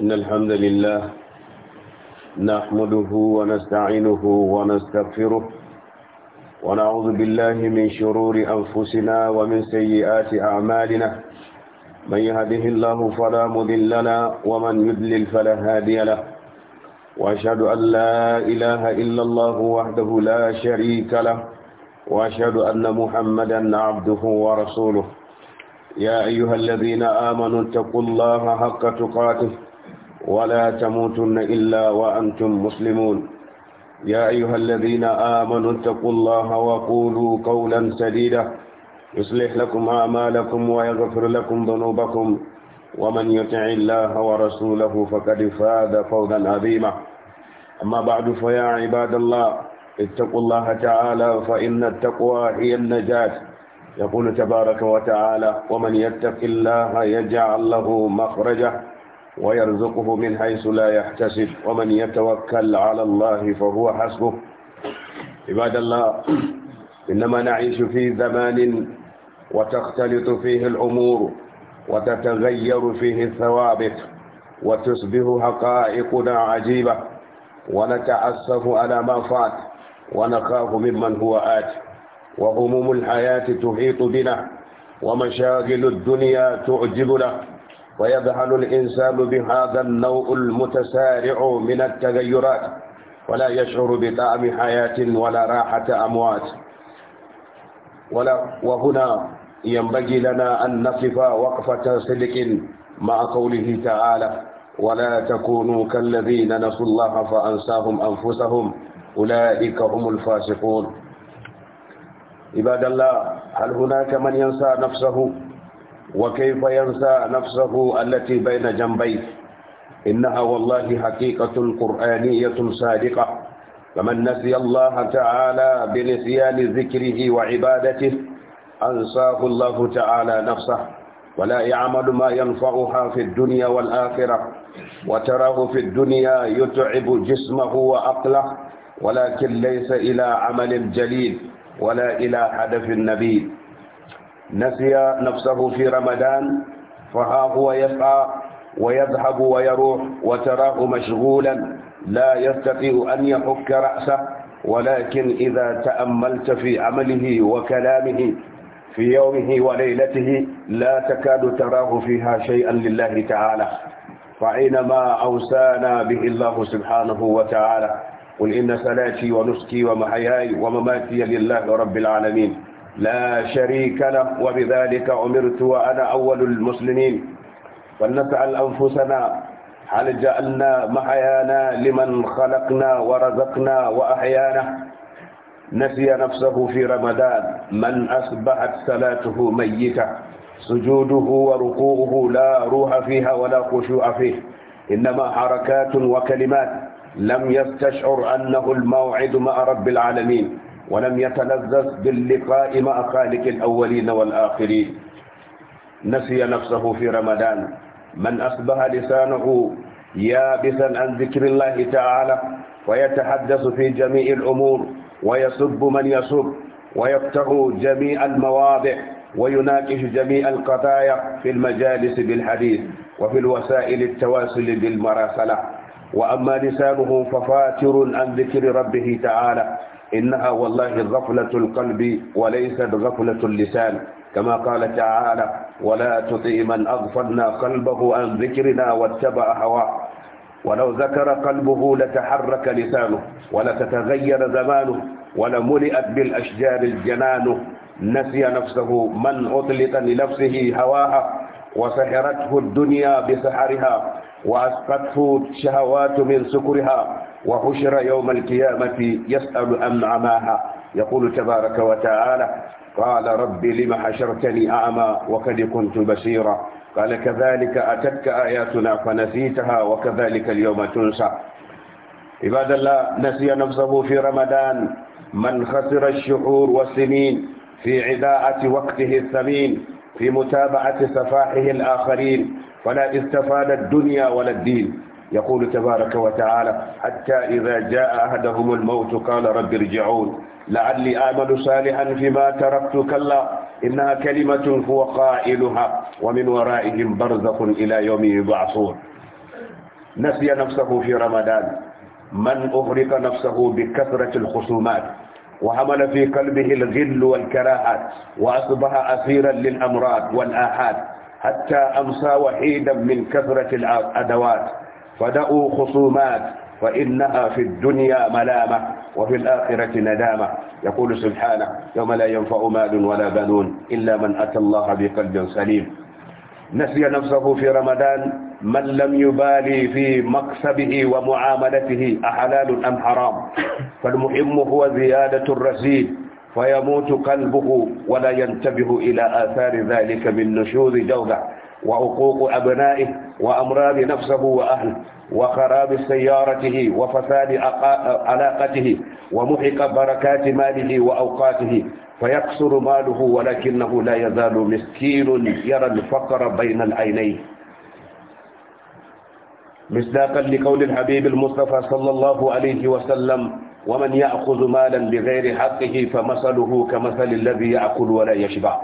إن الحمد لله نحمده ونستعينه ونستغفره ونعوذ بالله من شرور أنفسنا ومن سيئات أعمالنا من يهده الله فلا مضل له ومن يضلل فلا هادي له وأشهد أن لا إله إلا الله وحده لا شريك له وأشهد أن محمدا عبده ورسوله يا أيها الذين آمنوا اتقوا الله حق تقاته ولا تموتن إلا وأنتم مسلمون يا أيها الذين آمنوا اتقوا الله وقولوا قولا سديدا يصلح لكم أعمالكم ويغفر لكم ذنوبكم ومن يطع الله ورسوله فقد فاز فوزا عظيما أما بعد فيا عباد الله اتقوا الله تعالى فإن التقوى هي النجاة يقول تبارك وتعالى ومن يتق الله يجعل له مخرجه ويرزقه من حيث لا يحتسب ومن يتوكل على الله فهو حسبه عباد الله إنما نعيش في زمان وتختلط فيه الأمور وتتغير فيه الثوابت وتصبح حقائقنا عجيبة ونتأسف على ما فات ونخاف ممن هو آت وهموم الحياة تحيط بنا ومشاغل الدنيا تعجبنا ويذهل الإنسان بهذا النوع المتسارع من التغيرات ولا يشعر بطعم حياة ولا راحة أموات ولا وهنا ينبغي لنا أن نقف وقفة صدق مع قوله تعالى ولا تكونوا كالذين نسوا الله فأنساهم أنفسهم أولئك هم الفاسقون عباد الله هل هناك من ينسى نفسه وكيف ينسى نفسه التي بين جنبيه إنها والله حقيقة قرآنية صادقة فمن نسي الله تعالى بنسيان ذكره وعبادته أنساه الله تعالى نفسه ولا يعمل ما ينفعها في الدنيا والآخرة وتراه في الدنيا يتعب جسمه وعقله ولكن ليس إلى عمل جليل ولا إلى هدف نبيل نسي نفسه في رمضان فها هو يسعى ويذهب ويروح وتراه مشغولا لا يستطيع أن يحك رأسه ولكن إذا تأملت في عمله وكلامه في يومه وليلته لا تكاد تراه فيها شيئا لله تعالى فأينما أوسانا به الله سبحانه وتعالى قل إن صلاتي ونسكي ومحياي ومماتي لله رب العالمين لا شريك له وبذلك أمرت وأنا أول المسلمين فلنسأل أنفسنا هل جعلنا محيانا لمن خلقنا ورزقنا وأحيانا نسي نفسه في رمضان من أصبحت صلاته ميتة سجوده وركوعه لا روح فيها ولا خشوع فيه إنما حركات وكلمات لم يستشعر أنه الموعد مع رب العالمين ولم يتلذذ باللقاء مع خالق الأولين والآخرين نسي نفسه في رمضان من أصبح لسانه يابسا عن ذكر الله تعالى ويتحدث في جميع الأمور ويسب من يسب ويفتح جميع المواضع ويناقش جميع القضايا في المجالس بالحديث وفي الوسائل التواصل بالمراسلة وأما لسانه ففاتر عن ذكر ربه تعالى إنها والله غفلة القلب وليست غفلة اللسان كما قال تعالى ولا تطع من أغفلنا قلبه عن ذكرنا واتبع هواه ولو ذكر قلبه لتحرك لسانه ولتتغير زمانه ولملئت بالأشجار الجنان نسي نفسه من أطلق لنفسه هواها وسحرته الدنيا بسحرها وأسقته الشهوات من سكرها وحشر يوم القيامة يسأل أم عماها يقول تبارك وتعالى قال رب لم حشرتني أعمى وقد كنت بصيرا قال كذلك أتتك آياتنا فنسيتها وكذلك اليوم تنسى عباد الله نسي نفسه في رمضان من خسر الشهور والسنين في عداءة وقته الثمين في متابعة سفاحه الآخرين فلا استفاد الدنيا ولا الدين يقول تبارك وتعالى حتى إذا جاء أحدهم الموت قال رب ارجعون لعلي آمل صالحا فيما تركت كلا إنها كلمة هو قائلها ومن ورائهم برزق إلى يوم يبعثون نسي نفسه في رمضان من أغرق نفسه بكثرة الخصومات وحمل في قلبه الغل والكراهات وأصبح أسيرا للأمراض والآحاد حتى أمسى وحيدا من كثرة الأدوات فدعوا خصومات فإنها في الدنيا ملامة وفي الآخرة ندامة يقول سبحانه يوم لا ينفع مال ولا بنون إلا من أتى الله بقلب سليم نسي نفسه في رمضان من لم يبالي في مكسبه ومعاملته أحلال أم حرام فالمهم هو زيادة الرصيد فيموت قلبه ولا ينتبه إلى آثار ذلك من نشوذ جوده وعقوق أبنائه وأمراض نفسه وأهله وخراب سيارته وفساد علاقته ومحق بركات ماله وأوقاته فيكسر ماله ولكنه لا يزال مسكين يرى الفقر بين العينين مصداقا لقول الحبيب المصطفى صلى الله عليه وسلم ومن يأخذ مالا بغير حقه فمثله كمثل الذي يأكل ولا يشبع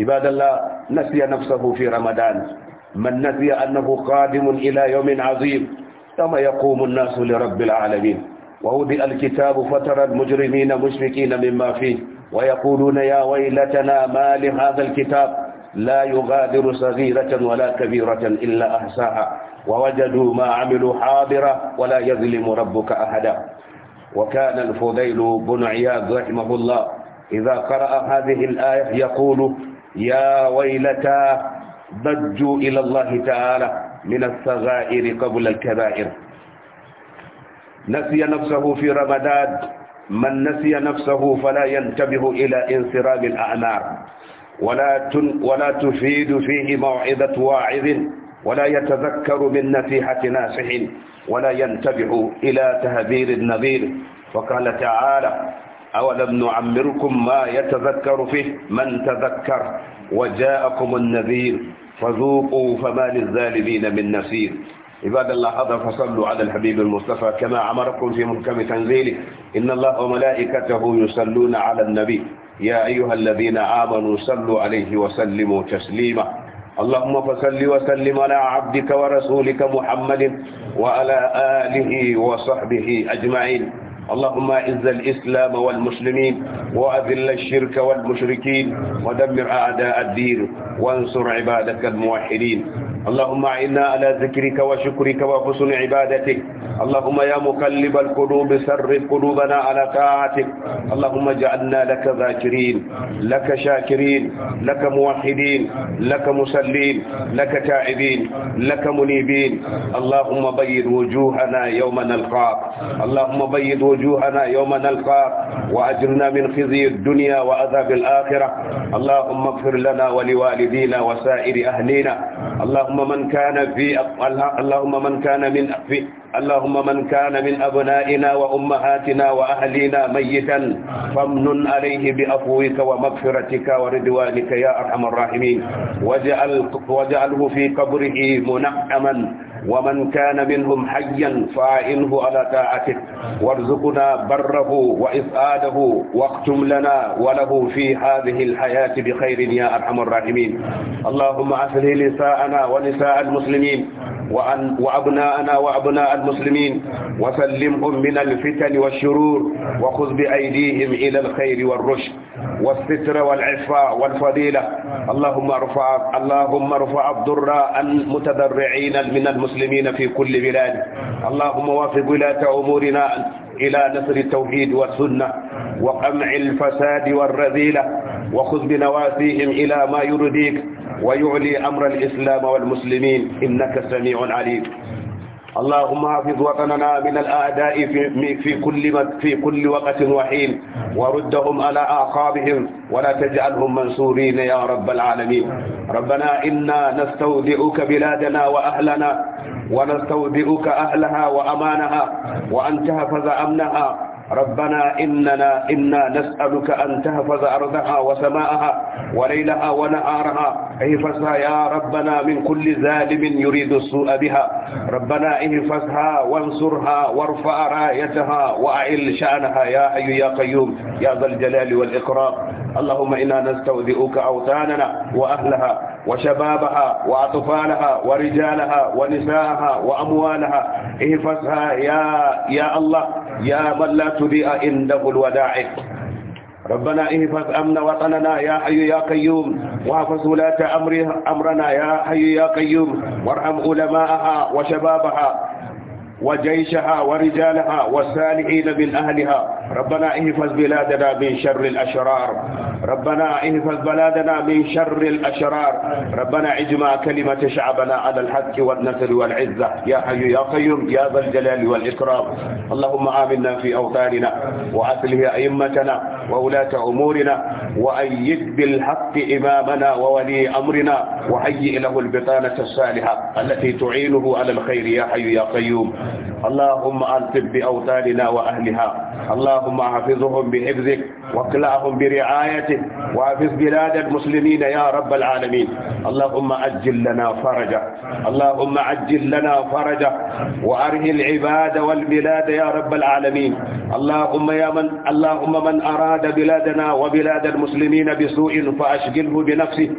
عباد الله نسي نفسه في رمضان من نسي أنه قادم إلى يوم عظيم ثم يقوم الناس لرب العالمين ووضع الكتاب فترى المجرمين مشركين مما فيه ويقولون يا ويلتنا ما لهذا الكتاب لا يغادر صغيرة ولا كبيرة إلا أحساها ووجدوا ما عملوا حاضرة ولا يظلم ربك أحدا وكان الفضيل بن عياد رحمه الله إذا قرأ هذه الآية يقول يا ويلتا ضجوا إلى الله تعالى من الصغائر قبل الكبائر نسي نفسه في رمضان من نسي نفسه فلا ينتبه إلى انصرام الأعمار ولا تن ولا تفيد فيه موعظة واعظ ولا يتذكر من نصيحة ناصح ولا ينتبه إلى تهذير النذير وقال تعالى أولم نعمركم ما يتذكر فيه من تذكر وجاءكم النذير فذوقوا فما للظالمين من نصير عباد الله حضر فصلوا على الحبيب المصطفى كما عمركم في محكم تنزيله إن الله وملائكته يصلون على النبي يا أيها الذين آمنوا صلوا عليه وسلموا تسليما اللهم فصل وسلم على عبدك ورسولك محمد وعلى آله وصحبه أجمعين اللهم اعز الإسلام والمسلمين وأذل الشرك والمشركين ودمر أعداء الدين وانصر عبادك الموحدين اللهم إنا على ذكرك وشكرك وحسن عبادتك اللهم يا مقلب القلوب سرد قلوبنا على طاعتك اللهم اجعلنا لك ذاكرين لك شاكرين لك موحدين لك مسلين لك تائبين لك منيبين اللهم بيض وجوهنا يوم نلقاك اللهم بيض وجوهنا يوم نلقاك واجرنا من خزي الدنيا وعذاب الاخره اللهم اغفر لنا ولوالدينا وسائر اهلينا اللهم اللهم من كان في اللهم من كان من في اللهم من كان من أبنائنا وأمهاتنا وأهلنا ميتا فامن عليه بأفوك ومغفرتك ورضوانك يا أرحم الراحمين واجعل واجعله في قبره منعما ومن كان منهم حيا فاعنه على طاعته وارزقنا بره وإسعاده واختم لنا وله في هذه الحياة بخير يا أرحم الراحمين اللهم أسره نساءنا ونساء المسلمين وأن وأبناءنا وأبناء المسلمين وسلمهم من الفتن والشرور وخذ بأيديهم إلى الخير والرشد والستر والعفاء والفضيلة اللهم ارفع اللهم ارفع الضراء المتضرعين من المسلمين في كل بلاد اللهم وفق ولاة أمورنا إلى نصر التوحيد والسنة وقمع الفساد والرذيلة وخذ بنواسيهم إلى ما يرضيك ويعلي أمر الإسلام والمسلمين إنك سميع عليم اللهم حفظ وطننا من الأعداء في, في كل في كل وقت وحين وردهم على أعقابهم ولا تجعلهم منصورين يا رب العالمين ربنا إنا نستودعك بلادنا وأهلنا ونستودعك أهلها وأمانها وأن تحفظ أمنها ربنا إننا إنا نسألك أن تحفظ أرضها وسماءها وليلها ونهارها احفظها يا ربنا من كل ظالم يريد السوء بها ربنا احفظها وانصرها وارفع رايتها واعل شانها يا حي يا قيوم يا ذا الجلال والاكرام اللهم انا نستودعك اوطاننا واهلها وشبابها وأطفالها ورجالها ونساءها وأموالها احفظها يا يا الله يا من لا تضيء عنده الودائع ربنا احفظ امن وطننا يا حي يا قيوم واحفظ ولاة امرنا يا حي يا قيوم وارحم علماءها وشبابها وجيشها ورجالها والسالحين من أهلها ربنا احفظ بلادنا من شر الأشرار ربنا احفظ بلادنا من شر الأشرار ربنا اجمع كلمة شعبنا على الحق والنصر والعزة يا حي يا قيوم يا ذا الجلال والإكرام اللهم آمنا في أوطاننا وأصله أئمتنا وولاة أمورنا وأيد بالحق إمامنا وولي أمرنا وهيئ له البطانة الصالحة التي تعينه على الخير يا حي يا قيوم اللهم ألطف بأوطاننا وأهلها اللهم حفظهم بحفظك واكلعهم برعايتك وحفظ بلاد المسلمين يا رب العالمين اللهم أجل لنا فرجا اللهم عجل لنا فرجا وأره العباد والبلاد يا رب العالمين اللهم يا من اللهم من أراد بلادنا وبلاد المسلمين بسوء فأشغله بنفسه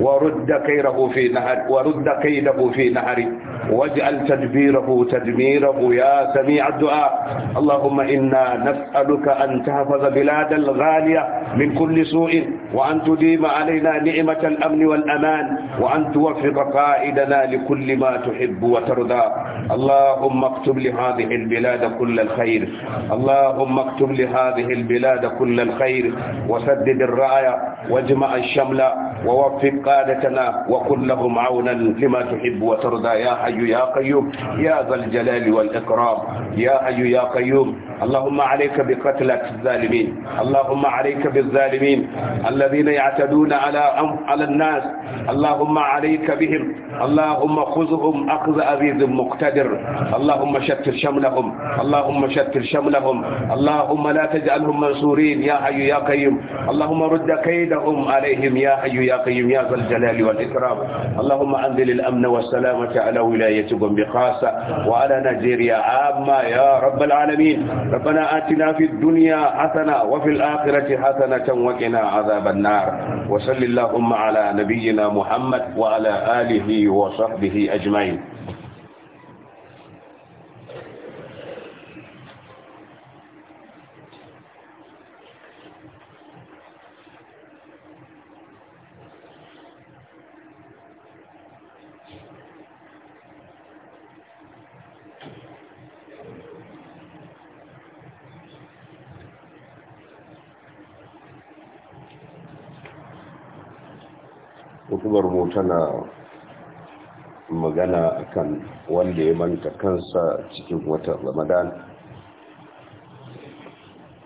ورد كيده في نهر ورد كيده في نهره واجعل تدبيره تدميره يا سميع الدعاء اللهم إنا نسألك أن تحفظ بلاد الغالية من كل سوء وأن تديم علينا نعمة الأمن والأمان وأن توفق قائدنا لكل ما تحب وترضى اللهم اكتب لهذه البلاد كل الخير اللهم اكتب لهذه البلاد كل الخير وسدد الرأي واجمع الشمل ووفق قادتنا وكن لهم عونا لما تحب وترضى يا حي حي يا قيوم يا ذا الجلال والإكرام يا حي يا قيوم اللهم عليك بقتلة الظالمين اللهم عليك بالظالمين الذين يعتدون على على الناس اللهم عليك بهم اللهم خذهم أخذ عزيز مقتدر اللهم شتت شملهم اللهم شتت شملهم اللهم لا تجعلهم منصورين يا حي يا قيوم اللهم رد كيدهم عليهم يا حي يا قيوم يا ذا الجلال والإكرام اللهم أنزل الأمن والسلامة على ولي ولاية جنبي خاصة وعلى نيجيريا عامة يا رب العالمين ربنا آتنا في الدنيا حسنة وفي الآخرة حسنة وكنا عذاب النار وصل اللهم على نبينا محمد وعلى آله وصحبه أجمعين kubar mu tana magana akan wanda ya manta kansa cikin watan ramadan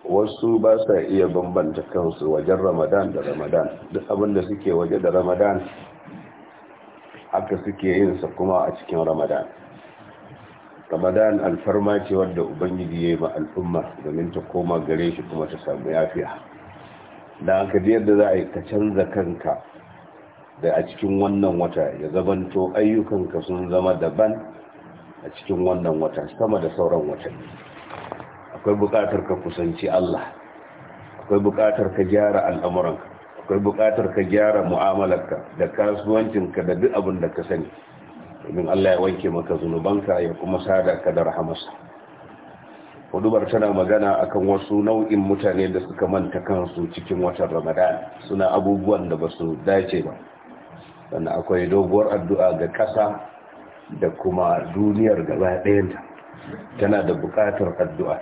wasu ba sa iya bambanta kansu wajen ramadan da ramadan duk abinda suke waje da ramadan aka suke yinsa kuma a cikin ramadan ramadan alfarma ce wadda ubangiji ya yi ma al'umma domin ta koma gare shi kuma ta samu yafiya da aka yadda za a yi ka canza kanka da a cikin wannan wata ya zabanto ayyukanka sun zama daban a cikin wannan wata sama da sauran wata. akwai buƙatar ka kusanci Allah akwai buƙatar ka gyara al'amuranka akwai buƙatar ka gyara mu'amalarka da kasuwancinka da duk abin da ka sani domin Allah ya wanke maka zunubanka ya kuma sada ka da rahamarsa hudubar tana magana akan wasu nau'in mutane da suka manta kansu cikin watan ramadan suna abubuwan da ba su dace ba wanda akwai doguwar addu'a ga ƙasa da kuma duniyar gaba ɗayanta tana da buƙatar addu'a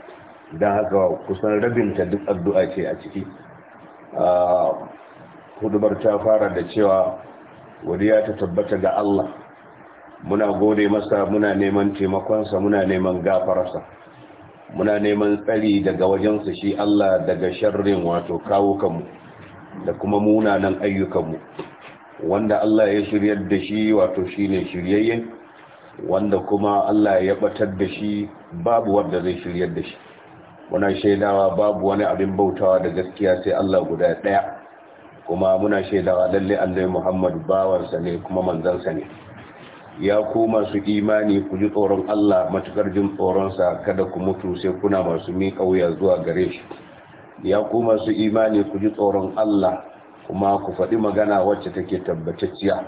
don haka kusan rabinta duk addu'a ce a ciki hudubar ta fara da cewa wadiya ta tabbata ga Allah muna gode masa muna neman taimakonsa muna neman gafararsa muna neman tsari daga wajensa shi Allah daga sharrin wato kawukanmu da kuma munanan ayyukanmu wanda Allah ya shiryar da shi wato shi ne shiryayye wanda kuma Allah ya batar da shi babu wanda zai shiryar da shi muna shaidawa babu wani abin bautawa da gaskiya sai Allah guda ɗaya. kuma muna shaidawa lalle Allah Muhammad bawansa ne kuma manzansa ne ya ku masu imani ku ji tsoron Allah matukar jin tsoronsa kada ku mutu sai kuna masu miƙa wuya zuwa gare shi ya ku masu imani ku ji tsoron Allah kuma ku faɗi magana wacce take tabbatacciya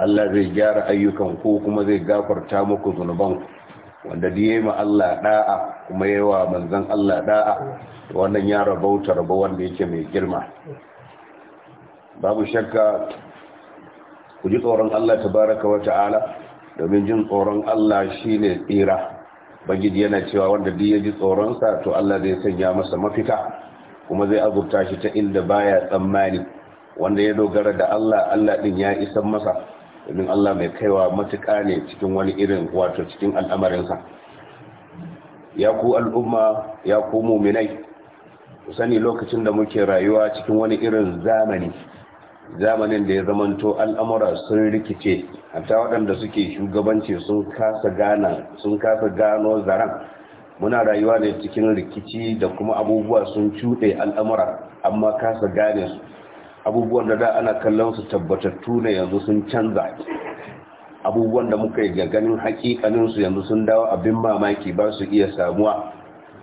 Allah zai gyara ayyukan ku kuma zai gafarta muku zunuban wanda da yayi ma Allah da'a kuma yawa manzon Allah da'a to wannan ya rabauta rabo wanda yake mai girma babu shakka ku ji tsoron Allah tabaraka wa ta'ala domin jin tsoron Allah shine tsira bagid yana cewa wanda duk ya ji tsoron sa to Allah zai sanya masa mafita kuma zai azurta shi ta inda baya tsammani wanda ya dogara da Allah Allah din ya isan masa domin Allah mai kaiwa matuƙa ne cikin wani irin wato cikin al'amarinsa ya ku al'umma ya ku muminai ku sani lokacin da muke rayuwa cikin wani irin zamani zamanin da ya zamanto al'amura sun rikice hatta waɗanda suke shugabanci sun kasa gana sun kasa gano zaren muna rayuwa ne cikin rikici da kuma abubuwa sun cuɗe al'amura amma kasa gane su abubuwan da da ana kallon su tabbatattu ne yanzu sun canza abubuwan da muka yi ganin hakikanin su yanzu sun dawo abin mamaki ba su iya samuwa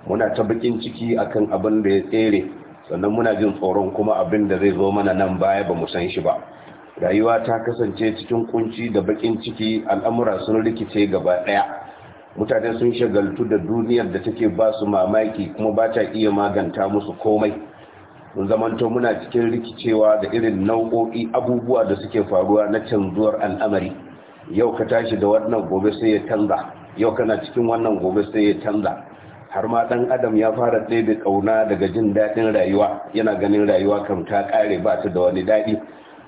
muna ta bakin ciki akan abin da ya tsere sannan muna jin tsoron kuma abin da zai zo mana nan baya ba mu san shi ba rayuwa ta kasance cikin kunci da bakin ciki al'amura sun rikice gaba daya mutane sun shagaltu da duniyar da take ba su mamaki kuma ba ta iya maganta musu komai mun zamanto muna cikin rikicewa da irin nau'o'i abubuwa da suke faruwa na canzuwar al'amari yau ka tashi da wannan gobe sai ya canza yau kana cikin wannan gobe sai ya canza har ma dan adam ya fara tsaye da kauna daga jin daɗin rayuwa yana ganin rayuwa kan ta kare ba ta da wani daɗi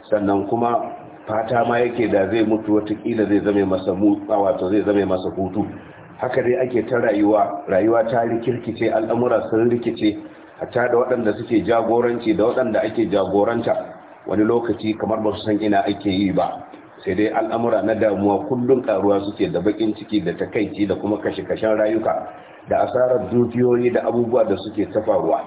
sannan kuma fata ma yake da zai mutu watakila zai zame masa wato zai zame masa hutu haka dai ake ta rayuwa rayuwa ta rikirkice al'amura sun rikice hatta da waɗanda suke jagoranci da waɗanda ake jagoranta wani lokaci kamar ba su san ina ake yi ba sai dai al'amura na damuwa kullum ƙaruwa suke da bakin ciki da takaici da kuma kashe-kashen rayuka da asarar dukiyoyi da abubuwa da suke ta faruwa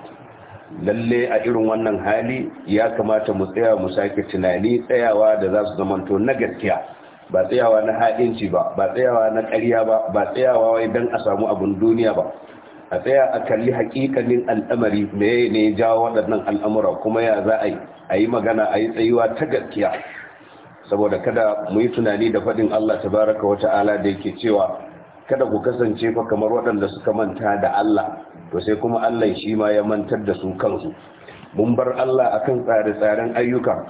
lalle a irin wannan hali ya kamata mu tsaya mu sake tunani tsayawa da za su zamanto na gaskiya ba tsayawa na haɗinci ba ba tsayawa na ƙarya ba ba tsayawa wai don a samu abin duniya ba a tsaya a kalli hakikalin al'amari me ne jawo waɗannan al'amura kuma ya za a yi magana a yi tsayuwa ta gaskiya saboda kada mu yi tunani da faɗin Allah Ta baraka wa ta'ala da yake cewa kada ku kasance fa kamar waɗanda suka manta da Allah to sai kuma Allah shi ma ya mantar da su kansu mun bar Allah akan tsare-tsaren ayyuka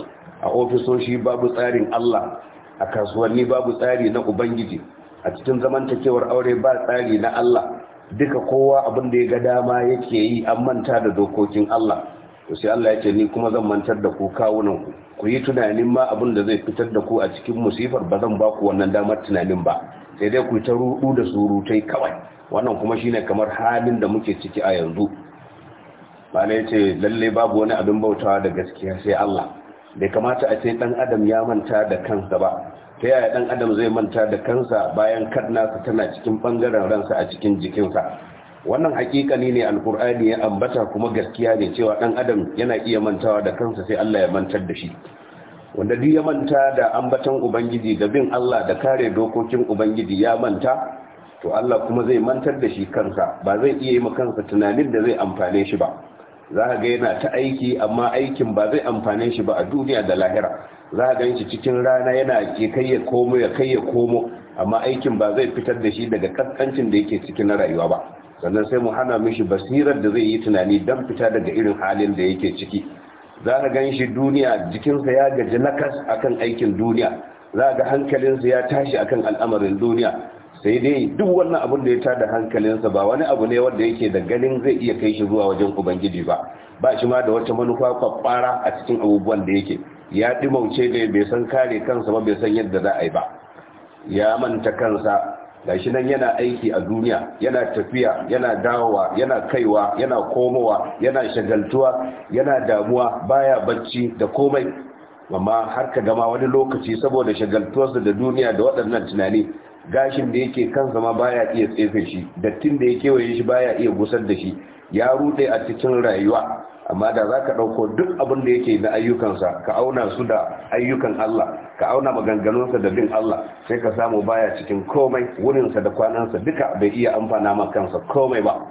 a ofisoshi babu tsarin Allah a kasuwanni babu tsari na ubangiji a cikin zamantakewar aure ba tsari na Allah duka kowa abin da ya ga dama yake yi an manta da dokokin Allah to sai Allah ya ce ni kuma zan mantar da ku kawunan ku ku yi tunanin ma abin da zai fitar da ku a cikin musifar ba zan ba ku wannan damar tunanin ba sai dai ku ta rudu da surutai kawai wannan kuma shine kamar halin da muke ciki a yanzu bala ya ce lalle babu wani abin bautawa da gaskiya sai Allah bai kamata a ce dan adam ya manta da kansa ba ta yaya ɗan adam zai manta da kansa bayan nasa tana cikin bangaren ransa a cikin jikinsa wannan hakikani ne alkur'ani ya ambata kuma gaskiya ne cewa ɗan adam yana iya mantawa da kansa sai Allah ya mantar da shi wanda duk ya manta da ambaton ubangiji da bin Allah da kare dokokin ubangiji ya manta to Allah kuma zai mantar da shi kansa ba zai iya yi kansa tunanin da zai amfane shi ba za ga yana ta aiki amma aikin ba zai amfane shi ba a duniya da lahira za a ganshi cikin rana yana ke kai ya komo ya kai ya komo amma aikin ba zai fitar da shi daga kaskancin da yake cikin na rayuwa ba sannan sai mu hana mishi basirar da zai yi tunani don fita daga irin halin da yake ciki za a gan shi duniya jikinsa ya gaji nakas akan aikin duniya za a ga hankalinsa ya tashi akan al'amarin duniya sai dai duk wannan abin da ya tada hankalinsa ba wani abu ne wanda yake da ganin zai iya kai shi zuwa wajen ubangiji ba ba shi ma da wata manufa kwakwara a cikin abubuwan da yake ya ɗimauce ne bai san kare kansa ba bai san yadda za a yi ba ya manta kansa Da shi nan yana aiki a duniya yana tafiya yana dawowa yana kaiwa yana komowa yana shagaltuwa yana damuwa baya bacci da komai amma har ka gama wani lokaci saboda shagaltuwarsa da duniya da waɗannan tunani gashin da yake kansa ma baya iya tsefe shi dattin da ya kewaye shi baya iya gusar da shi ya ruɗe a cikin rayuwa amma da za ka ɗauko duk abin da yake na ayyukansa ka auna su da ayyukan Allah ka auna maganganunsa da bin Allah sai ka samu baya cikin komai wurinsa da kwanansa duka bai iya amfana makansa kansa komai ba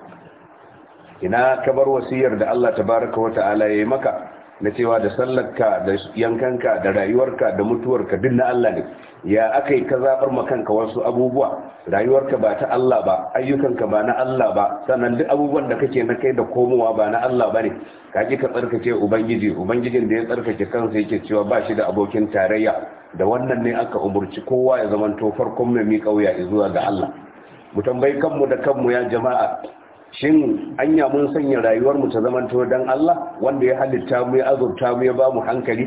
ina ka bar wasiyar da Allah tabaraka wa ta'ala ya yi maka na cewa da sallarka da yankanka da rayuwarka da mutuwarka duk na Allah ne ya aka yi ka zaɓar makanka wasu abubuwa rayuwarka ba ta Allah ba ayyukanka ba na Allah ba sannan duk abubuwan da kake na kai da komowa ba na Allah ba ne kaji ka tsarkace ubangiji ubangijin da ya tsarkace kansa yake cewa ba shi da abokin tarayya da wannan ne aka umurci kowa ya zama to farkon mai mi kauya zuwa ga Allah mu tambayi kanmu da kanmu ya jama'a shin anya mun sanya rayuwar mu ta zamanto to dan Allah wanda ya halitta mu ya azurta mu ya ba mu hankali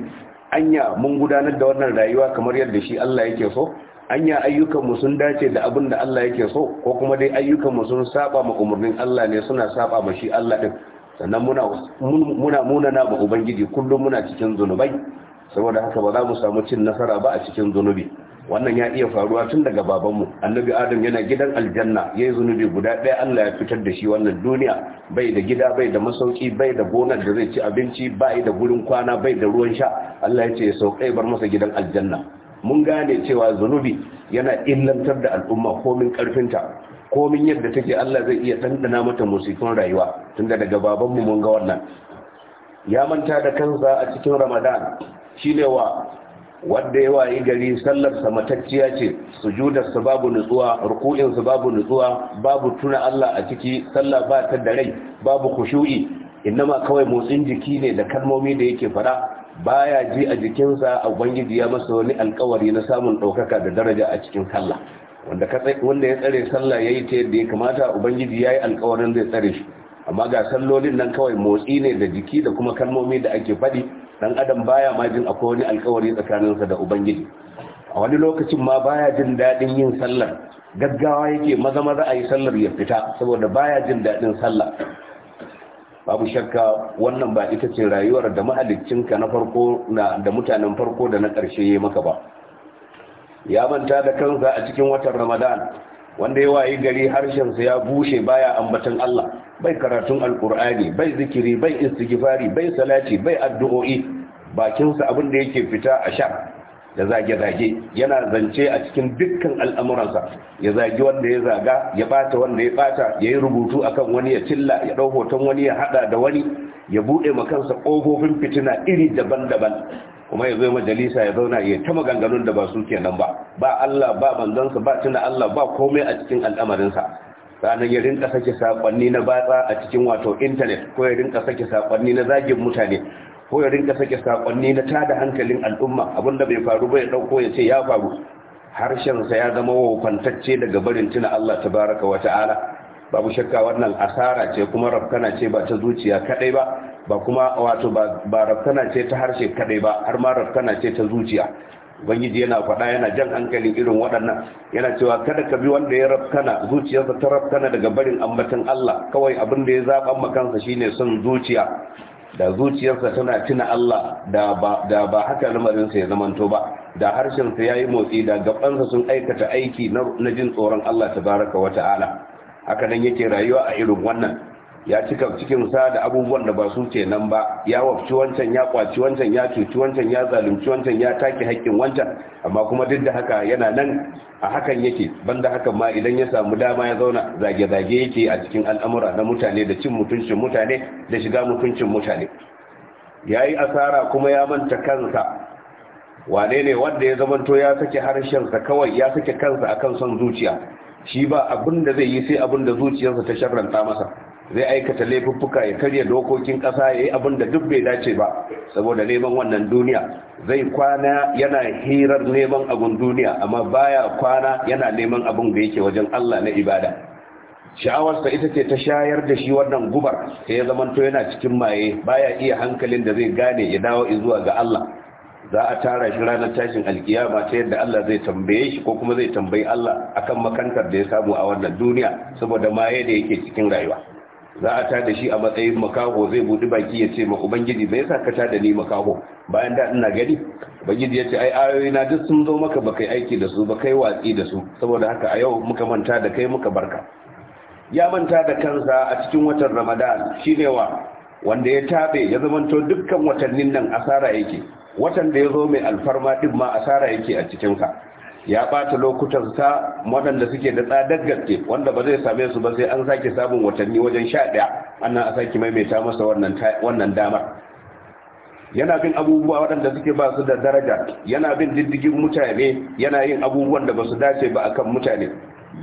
anya mun gudanar da wannan rayuwa kamar yadda shi Allah yake so anya ayyukanmu sun dace da abin da Allah yake so ko kuma dai ayyukanmu sun saba ma umarnin Allah ne suna saba ma shi Allah din sannan muna muna muna na ba ubangiji kullum muna cikin zunubai saboda haka ba za mu samu cin nasara ba a cikin zunubi wannan ya iya faruwa tun daga babanmu annabi adam yana gidan aljanna yayi zunubi guda ɗaya allah ya fitar da shi wannan duniya bai da gida bai da masauki bai da gonar da zai ci abinci bai da gurin kwana bai da ruwan sha allah ya ce kai bar masa gidan aljanna mun gane cewa zunubi yana illantar da al'umma komin karfinta komin yadda take allah zai iya ɗanɗana mata musifin rayuwa tun daga babanmu mun ga wannan ya manta da kansa a cikin ramadan shine wa wanda yawa wayi gari sallarsa matacciya ce sujudarsa babu nutsuwa ruku'insa babu nutsuwa babu tuna Allah a ciki sallah ba ta da rai babu khushu'i ma kawai motsin jiki ne da kalmomi da yake fara baya ji a jikinsa a ubangiji ya masa wani alkawari na samun ɗaukaka da daraja a cikin sallah wanda ya tsare sallah yayi ta yadda ya kamata ubangiji yayi alkawarin zai tsare shi amma ga sallolin nan kawai motsi ne da jiki da kuma kalmomi da ake faɗi dan adam baya ma jin akwai wani alkawari tsakaninsa da ubangiji a wani lokacin ma baya jin daɗin yin sallar gaggawa yake maza maza a yi sallar ya fita saboda baya jin daɗin sallah babu shakka wannan ba ita ce rayuwar da mahaliccinka na farko na da mutanen farko da na ƙarshe ya maka ba ya manta da kansa a cikin watan ramadan wanda ya wayi gari harshen harshensa ya bushe baya ambatan Allah bai karatun alkur'ani bai zikiri bai istighfari bai salati bai addu'o'i bakinsa abin da yake fita a sha da zage-zage yana zance a cikin dukkan al'amuransa ya zage wanda ya zaga ya bata wanda ya bata ya yi rubutu a kan wani ya cilla ya ɗau hoton wani ya haɗa da wani ya buɗe makansa ƙofofin fitina iri daban-daban kuma ya zai majalisa ya zauna ya ta maganganun da ba su ke nan ba ba Allah ba manzansa ba tuna Allah ba komai a cikin al'amarinsa ranar ya rinka sake saƙonni na batsa a cikin wato intanet ko ya rinka sake saƙonni na zagin mutane ko ya rinka sake sakonni na tada hankalin al'umma abinda bai faru ba ya dauko ya ce ya faru harshensa ya zama wofantacce daga barin tuna Allah tabaraka wa ta'ala babu shakka wannan asara ce kuma rafkana ce ba ta zuciya kadai ba ba kuma wato ba rafkana ce ta harshe kadai ba har ma rafkana ce ta zuciya ubangiji yana faɗa yana jan hankalin irin waɗannan yana cewa kada ka bi wanda ya rafkana zuciyarsa ta rafkana daga barin ambatan Allah kawai abin da ya zaɓa kansa shine son zuciya da zuciyarsa tana tuna Allah da ba haka lamarinsa ya zamanto ba da harshensa ya yi motsi da gabansa sun aikata aiki na jin tsoron Allah tabaraka baraka wata'ala haka nan yake rayuwa a irin wannan ya cika cikin sa da abubuwan da ba su ke nan ba ya wafci wancan ya kwaci wancan ya cuci wancan ya zalunci wancan ya take hakkin wancan amma kuma duk da haka yana nan a hakan yake banda haka ma idan ya samu dama ya zauna zage-zage yake a cikin al'amura na mutane da cin mutuncin mutane da shiga mutuncin mutane ya yi asara kuma ya manta kansa wane ne wanda ya zamanto ya sake harshensa kawai ya sake kansa akan son zuciya shi ba abin zai yi sai abin da zuciyarsa ta sharranta masa zai aikata laifuffuka ya karya dokokin ƙasa ya yi abin da duk bai dace ba saboda neman wannan duniya zai kwana yana hirar neman abin duniya amma baya kwana yana neman abun da yake wajen Allah na ibada sha'awarsa ita ce ta shayar da shi wannan gubar sai ya zamanto yana cikin maye baya iya hankalin da zai gane ya dawo zuwa ga Allah za a tara shi ranar tashin alkiyama ta yadda Allah zai tambaye shi ko kuma zai tambayi Allah akan makantar da ya samu a wannan duniya saboda maye da yake cikin rayuwa za a tada shi a matsayin makaho zai buɗi baki ya ce ma ubangiji bai sa ka tada ni makaho bayan da ina gani bangiji ya ce ai ayoyi na duk sun zo maka ba kai aiki da su ba kai watsi da su saboda haka a yau muka manta da kai muka barka ya manta da kansa a cikin watan ramadan shi ne wa wanda ya tabe ya zamanto dukkan watannin nan asara yake watan da ya zo mai alfarma din ma asara yake a cikinsa ya bata lokutan sa waɗanda suke da tsadar gaske wanda ba zai same su ba sai an sake sabon watanni wajen sha ɗaya ana a sake maimaita masa wannan damar yana bin abubuwa waɗanda suke ba su da daraja yana bin diddigin mutane yana yin abubuwan da ba su dace ba akan mutane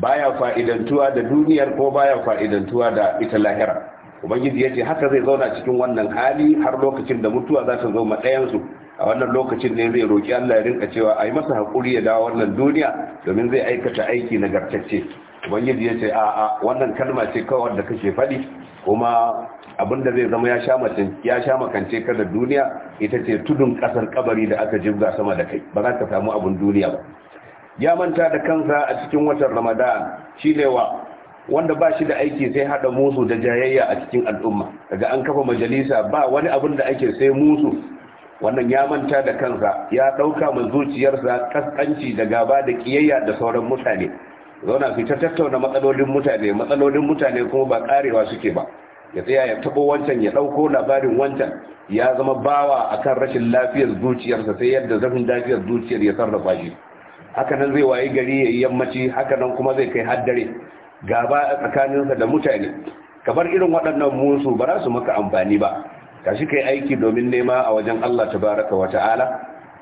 baya fa'idantuwa da duniyar ko baya fa'idantuwa da ita lahira ubangiji ya ce haka zai zauna cikin wannan hali har lokacin da mutuwa za ta zo matsayansu a wannan lokacin ne zai roƙi Allah ya rinka cewa a masa haƙuri ya dawo wannan duniya domin zai aikata aiki nagartacce ubangiji ya ce a a wannan kalma ce kawai da kake faɗi kuma abinda zai zama ya sha macin ya sha makance ka da duniya ita ce tudun ƙasar kabari da aka jibga sama da kai ba za ka samu abin duniya ba ya manta da kansa a cikin watan ramadan shi ne wa wanda ba shi da aiki sai hada musu da jayayya a cikin al'umma daga an kafa majalisa ba wani abin da ake sai musu wannan ya manta da kansa ya ɗauka mai zuciyarsa kaskanci da gaba da kiyayya da sauran mutane zauna su ta tattauna matsalolin mutane matsalolin mutane kuma ba karewa suke ba ya tsaya ya tabo wancan ya ɗauko labarin wancan ya zama bawa akan rashin lafiyar zuciyarsa sai yadda zafin lafiyar zuciyar ya sarrafa shi Haka nan zai wayi gari ya yi yammaci nan kuma zai kai haddare gaba a tsakaninsa da mutane kamar irin waɗannan musu ba za su maka amfani ba tashi kai aiki domin nema a wajen Allah tabaraka wa ta'ala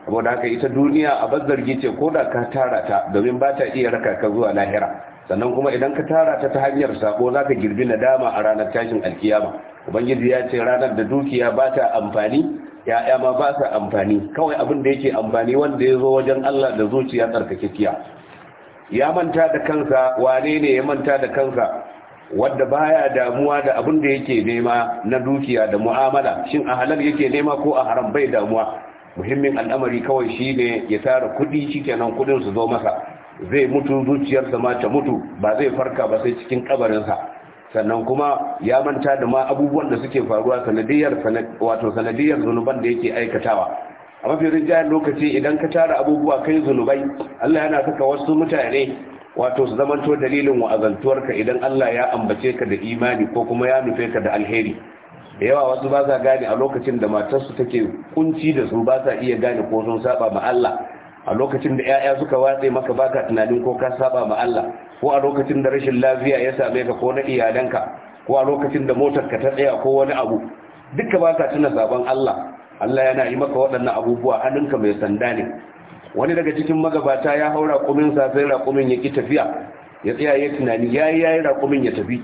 saboda haka ita duniya a bazzargi ce ko da ka tara ta domin ba ta iya raka ka zuwa lahira sannan kuma idan ka tara ta ta hanyar sako za ka girbi nadama a ranar tashin alkiyama ubangiji ya ce ranar da dukiya ba ta amfani ya'ya ma ba sa amfani kawai abin da yake amfani wanda ya zo wajen Allah da zuciya tsarkakekiya ya manta da kansa wane ne ya manta da kansa wadda baya damuwa da abin da yake nema na dukiya da mu'amala shin a halal yake nema ko a haram bai damuwa muhimmin al'amari kawai shine ya tara kudi shikenan kudin su zo masa zai mutu zuciyarsa ma ta mutu ba zai farka ba sai cikin kabarinsa sannan kuma ya manta da ma abubuwan da suke faruwa sanadiyar wato sanadiyar zunuban da yake aikatawa a mafi rinjayen lokaci idan ka tara abubuwa kai zunubai Allah yana saka wasu mutane wato su zamanto dalilin wa'azantuwarka idan Allah ya ambace ka da imani ko kuma ya nufe ka da alheri da yawa wasu ba sa gane a lokacin da matarsu take kunci da su ba sa iya gane ko sun saba ma Allah a lokacin da 'ya'ya suka watse maka baka tunanin ko ka saba ma Allah ko a lokacin da rashin lafiya ya same ka ko na iyalanka ko a lokacin da motar ka ta tsaya ko wani abu duka baka tuna sabon Allah Allah yana yi maka waɗannan abubuwa hannunka mai sanda ne wani daga cikin magabata ya hau kumin sa sai raƙumin ya ki tafiya ya tsaya ya tunani ya yi ya yi raƙumin ya tafi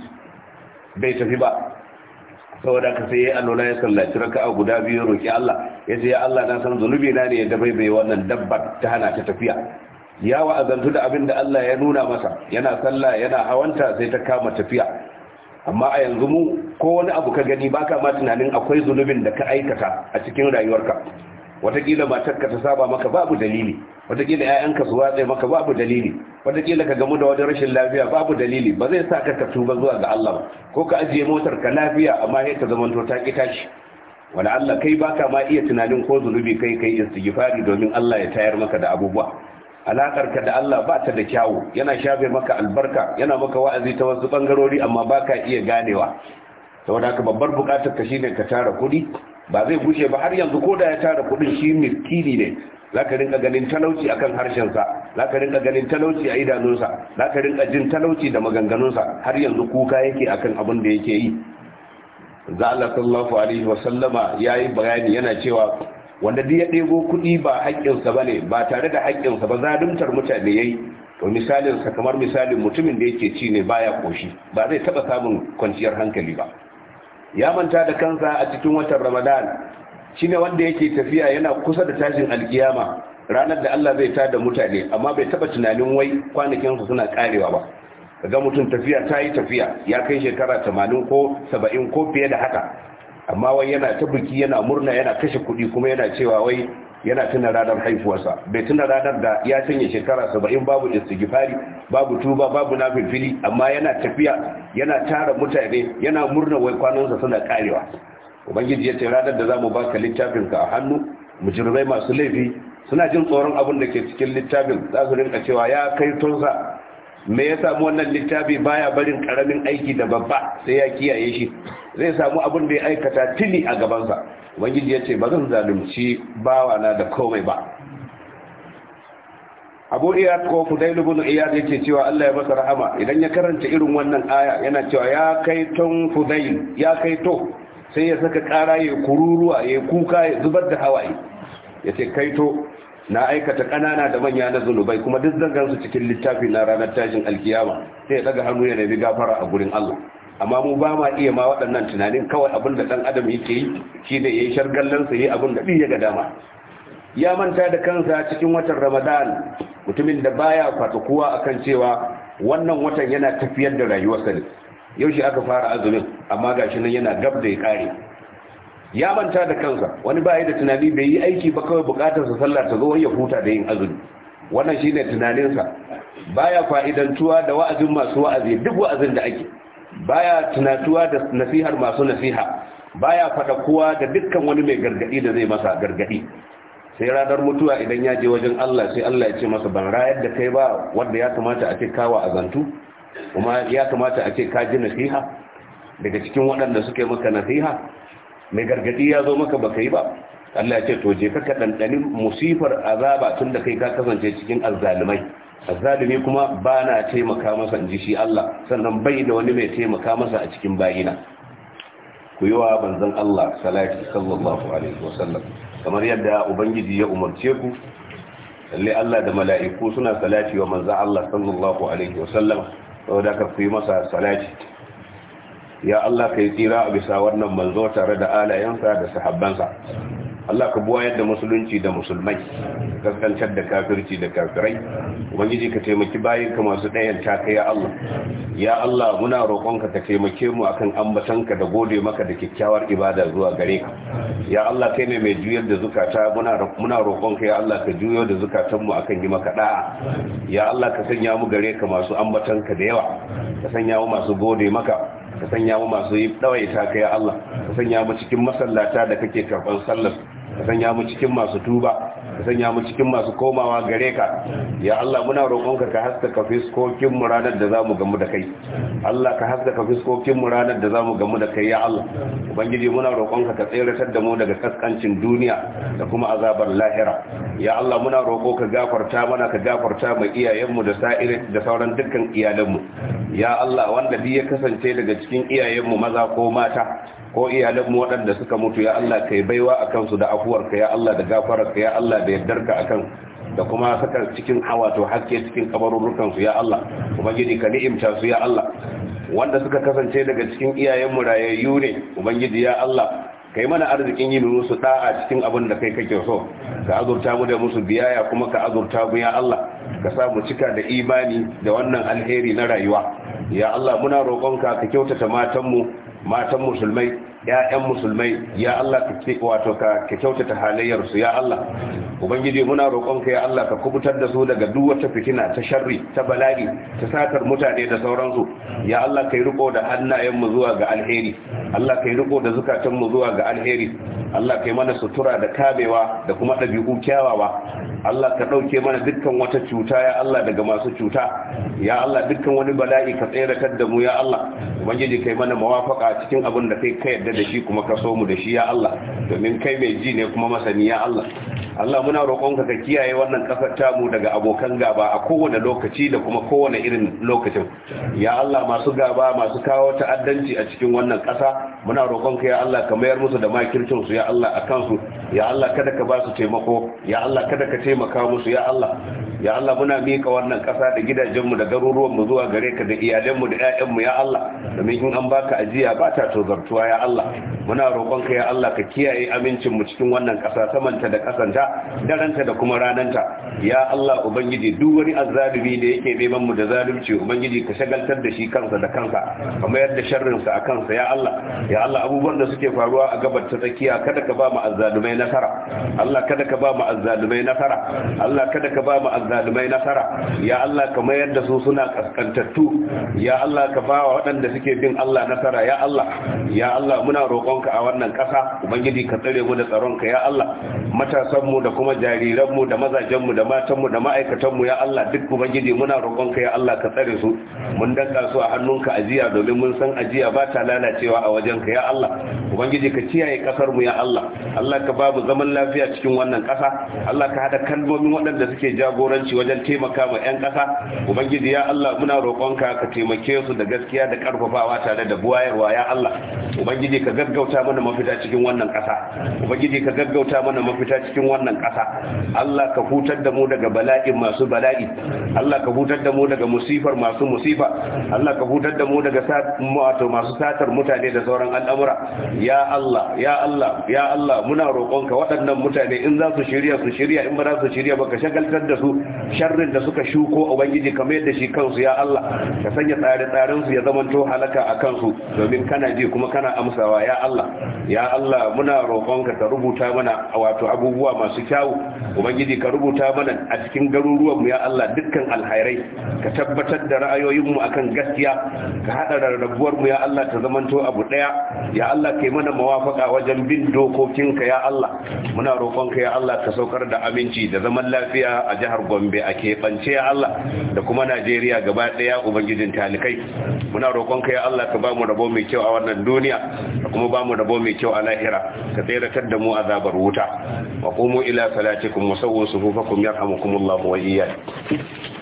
bai tafi ba saboda ka sai ya annola ya sallaci "Raka a guda biyu roƙi Allah ya ce ya Allah na san zunubi na ne ya dabai bai wannan dabbar ta hana ta tafiya ya azantu da abin da Allah ya nuna masa yana sallah yana hawanta sai ta kama tafiya amma a yanzu mu ko wani abu ka gani baka ma tunanin akwai zunubin da ka aikata a cikin rayuwarka watakila matarka ta saba maka babu dalili watakila ƴaƴanka su watsa maka babu dalili watakila ka gamu da wani rashin lafiya babu dalili ba zai sa ka ka tuba zuwa ga Allah ba ko ka ajiye motar ka lafiya amma sai ta zamanto ta ki tashi wala Allah kai baka ma iya tunanin ko Zulubi kai kai istighfari domin Allah ya tayar maka da abubuwa alakarka da Allah ba ta da kyawu yana shafe maka albarka yana maka wa'azi ta wasu bangarori amma baka iya ganewa saboda haka babbar bukatar ka shine ka tara kudi ba zai gushe ba har yanzu ko da ya tara kudin shi miskini ne lakarin rinka ganin talauci akan harshensa ka rinka ganin talauci a idanunsa lakarin rinka jin talauci da maganganunsa har yanzu kuka yake akan abin da yake yi za'ala sallallahu alaihi wa sallama yayi bayani yana cewa wanda duk ya ɗebo kuɗi ba haƙƙin ba ne ba tare da sa ba zaluntar mutane yayi to misalin sa kamar misalin mutumin da yake ci ne baya koshi ba zai taɓa samun kwanciyar hankali ba ya manta da kansa a cikin watan ramadan ne wanda yake tafiya yana kusa da tashin alkiyama ranar da Allah zai tada mutane amma bai taba tunanin wai kwanakinsa suna karewa ba kaga mutum tafiya ta yi tafiya ya kai shekara 80 ko 70 ko fiye da haka amma wai yana ta biki yana murna yana kashe kuɗi kuma yana cewa wai yana tuna ranar haifuwarsa bai tuna ranar da ya canye shekara saba'in babu istighfari babu tuba babu nafilfili amma yana tafiya yana tara mutane yana murna wai kwanansa suna karewa ubangiji ya ce ranar da za mu baka littafinka a hannu mujirmai masu laifi suna jin tsoron abin da ke cikin littafin za su rinka cewa ya kai tunsa me ya samu wannan littafi baya barin karamin aiki da babba sai ya kiyaye shi zai samu abin da ya aikata tuni a gabansa ubangiji ya ce ba zan zalunci bawana da komai ba abu iyad ko fudailu bin iyad yake cewa Allah ya masa rahama idan ya karanta irin wannan aya yana cewa ya kai tun fudail ya kai to sai ya saka kara ya kururuwa ya kuka ya zubar da hawaye ya ce kai to na aikata kanana da manya na zunubai kuma duk zan gansu cikin littafi na ranar tashin alkiyama sai ya daga hannu ya nemi gafara a gurin Allah amma mu ba ma iya ma waɗannan tunanin kawai abin da ɗan adam yake yi shi ne ya yi su ya abin da ɗin ga dama ya manta da kansa cikin watan ramadan mutumin da baya a kan cewa wannan watan yana tafiyar da rayuwarsa ne yau shi aka fara azumin amma ga shi nan yana gab da ya ƙare. ya manta da kansa wani baya da tunani bai yi aiki ba kawai buƙatarsa sallah ta zo ya huta da yin azumi wannan shi ne tunaninsa baya fa'idantuwa da wa'azin masu wa'azi duk wa'azin da ake baya tunatuwa da nasihar masu nasiha baya fada kowa da dukkan wani mai gargadi da zai masa gargadi sai ranar mutuwa idan ya je wajen Allah sai Allah ya ce masa ban rayar da kai ba wanda ya kamata a ce kawa azantu kuma ya kamata a ce ka ji nasiha daga cikin waɗanda suke maka nasiha mai gargadi ya zo maka baka yi ba Allah ya ce to je ka ka musifar azaba tun da kai ka kasance cikin azzalumai azzalimi kuma ba na taimaka masa in ji shi Allah sannan bai da wani mai taimaka masa a cikin bayina ku yi wa banzan Allah salati sallallahu alaihi wasallam kamar yadda ubangiji ya umarce ku lalle Allah da mala'iku suna salati wa manzan Allah sallallahu alaihi wasallam da ka ku yi masa salati ya Allah ka yi tsira a bisa wannan manzo tare da alayansa da sahabbansa Allah ka buwayar da musulunci da musulmai gaskantar da kafirci da kafirai ubangiji ka taimaki bayanka masu ɗayan taka ya Allah ya Allah muna roƙonka ka taimake mu akan ambatanka da gode maka da kyakkyawar ibada zuwa gare ka ya Allah kai ne mai juyar da zukata muna roƙonka ya Allah ka juyo da zukatan mu akan yi maka da'a ya Allah ka sanya mu gare ka masu ambatanka da yawa ka sanya mu masu gode maka ka sanya mu masu yi dawaita ka ya Allah ka sanya mu cikin masallata da kake karɓar sallar ka sanya mu cikin masu tuba ka sanya mu cikin masu komawa gare ka ya Allah muna roƙonka ka haskaka fiskokin mu ranar da zamu gamu da kai Allah ka haskaka fiskokin mu ranar da zamu gamu da kai ya Allah ubangiji muna roƙonka ka tseratar da mu daga kaskancin duniya da kuma azabar lahira ya Allah muna roƙo ka gafarta mana ka gafarta mu iyayenmu da sa'irin da sauran dukkan iyalanmu ya Allah wanda bi ya kasance daga cikin iyayenmu maza ko mata ko iyalanmu waɗanda suka mutu ya Allah kai baiwa a kansu da afuwarka ya Allah da gafararka ya Allah da yardarka a kan da kuma saka cikin hawa to cikin kabarurrukansu ya Allah ubangiji ka ni'imta su ya Allah wanda suka kasance daga cikin iyayenmu rayayyu ne ubangiji ya Allah kai mana arzikin yin musu da'a cikin abin da kai kake so ka azurta mu da musu biyaya kuma ka azurta mu ya Allah ka sa mu cika da imani da wannan alheri na rayuwa ya Allah muna roƙonka ka kyautata matanmu matan musulmai ya'yan musulmai ya Allah ka ce wato ka ka kyautata halayyar su ya Allah ubangiji muna roƙon ka ya Allah ka kubutar da su daga duk wata fitina ta sharri ta bala'i ta satar mutane da sauransu ya Allah kai riko da hannayenmu zuwa ga alheri Allah kai riko da zukatanmu zuwa ga alheri Allah kai mana sutura da kabewa da kuma ɗabi'u kyawawa Allah ka ɗauke mana dukkan wata cuta ya Allah daga masu cuta ya Allah dukkan wani bala'i ka tsere da mu ya Allah ubangiji kai mana mawafaka cikin abin da kai ka yarda da shi kuma ka so mu da shi ya Allah domin kai mai ji ne kuma masani ya Allah Allah muna roƙonka ka kiyaye wannan ƙasar tamu daga abokan gaba a kowane lokaci da kuma kowane irin lokacin ya Allah masu gaba masu kawo ta'addanci a cikin wannan ƙasa muna roƙonka ya Allah ka mayar musu da makircin su ya Allah a kansu ya Allah kada ka ba su taimako ya Allah kada ka taimaka musu ya Allah ya Allah muna miƙa wannan ƙasa da gidajenmu da garuruwanmu zuwa gare ka da iyalanmu da 'ya'yanmu ya Allah domin in an baka ajiya ba ta tozartuwa ya Allah muna roƙonka ya Allah ka kiyaye amincin mu cikin wannan ƙasa samanta da ƙasanta daranta da kuma rananta ya Allah ubangiji duk wani azzalumi da yake neman mu da zalunci ubangiji ka shagaltar da shi kansa da kansa kamar yadda sharrin sa a kansa ya Allah ya Allah abubuwan da suke faruwa a gabar ta tsakiya kada ka ba mu azzalumai nasara Allah kada ka ba mu azzalumai nasara Allah kada ka ba mu azzalumai nasara ya Allah ka mayar da su suna kaskantattu ya Allah ka ba wa waɗanda suke bin Allah nasara ya Allah ya Allah muna roƙonka a wannan ƙasa ubangiji ka tsare mu da tsaronka ya Allah matasan mu mu da kuma jariranmu da mazajenmu da matanmu da ma'aikatanmu ya Allah duk ubangiji muna roƙonka ya Allah ka tsare su mun danka su a hannunka ajiya domin mun san ajiya ba ta lalacewa a wajenka ya Allah ubangiji ka kiyaye kasar mu ya Allah Allah ka babu zaman lafiya cikin wannan ƙasa Allah ka hada kalmomin waɗanda suke jagoranci wajen taimaka ma ƴan ƙasa ubangiji ya Allah muna roƙonka ka taimake su da gaskiya da ƙarfafawa tare da buwayarwa ya Allah ubangiji ka gaggauta mana mafita cikin wannan ƙasa ubangiji ka gaggauta mana mafita cikin wannan wannan ƙasa Allah ka hutar da mu daga bala'in masu bala'i Allah ka hutar da mu daga musifar masu musifa Allah ka hutar da mu daga wato masu satar mutane da sauran al'amura ya Allah ya Allah ya Allah muna roƙonka waɗannan mutane in za su shirya su shirya in ba za su shirya ba ka shagaltar da su sharrin da suka shuko ubangiji kamar yadda shi kansu ya Allah ka sanya tsare-tsaren su ya zamanto halaka a kansu domin kana ji kuma kana amsawa ya Allah ya Allah muna roƙonka ka rubuta mana wato abubuwa masu masu kyawu ubangiji ka rubuta mana a cikin garuruwan mu ya Allah dukkan alhairai ka tabbatar da ra'ayoyin mu akan gaskiya ka hada rarrabuwar mu ya Allah ta zamanto abu daya ya Allah kai mana mawafaka wajen bin dokokinka ya Allah muna ka ya Allah ka saukar da aminci da zaman lafiya a jihar Gombe a keɓance ya Allah da kuma Najeriya gaba daya ubangijin talikai muna ka ya Allah ka ba mu rabo mai kyau a wannan duniya da kuma ba mu rabo mai kyau a lahira ka tsere da mu azabar wuta wa qumu إلى صلاتكم وسووا صفوفكم يرحمكم الله وإياكم